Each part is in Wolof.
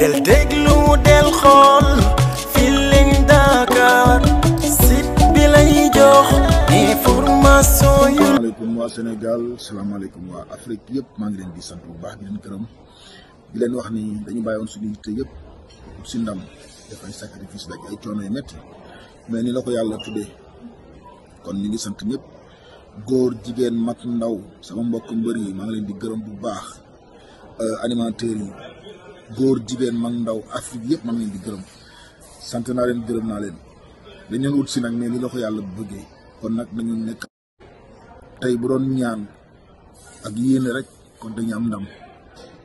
del déglu del xool Feeling Dakar site bi lay jox information yu. salaamaaleykum waa Sénégal salaamaaleykum waa Afrique yëpp maa ngi leen di sant bu baax di leen gërëm di leen wax ni dañu bàyyi woon suñu yitte yëpp si ndam dafay sacrifice rek ay coono yu métti mais ni la ko yàlla tuddee kon ñu ngi sant ñëpp góor jigéen mag ndaw sama mbokk mbër yi maa ngi leen di gërëm bu baax euh, animateurs yi. góor jigéen mag ndaw Afrique yëpp maa ngi di gërëm sant naa leen gërëm naa leen dañoo wut si nag ne li la ko yàlla bëggee kon nag nañu nekk tey bu doon ñaan ak yéene rek kon dañu am ndam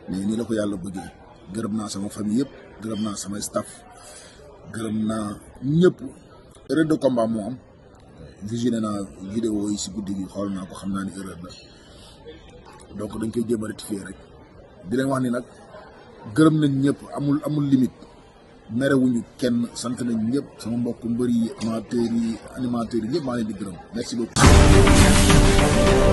mais nii la ko yàlla bëggee gërëm naa sama famille yëpp gërëm naa samay staff gërëm naa ñëpp erreur de combat moo am visionné naa vidéo yi si guddi gi xool naa ko xam naa ni erreur la donc dañ koy jéem a rectifier rek di leen wax ni nag gërëm nañ ñëpp amul amul limite merewuñu kenn sant nañ ñëpp sama mbokk mbër yi amateurs yi animateurs yi ñëpp maa leen di gërëm merci beaucoup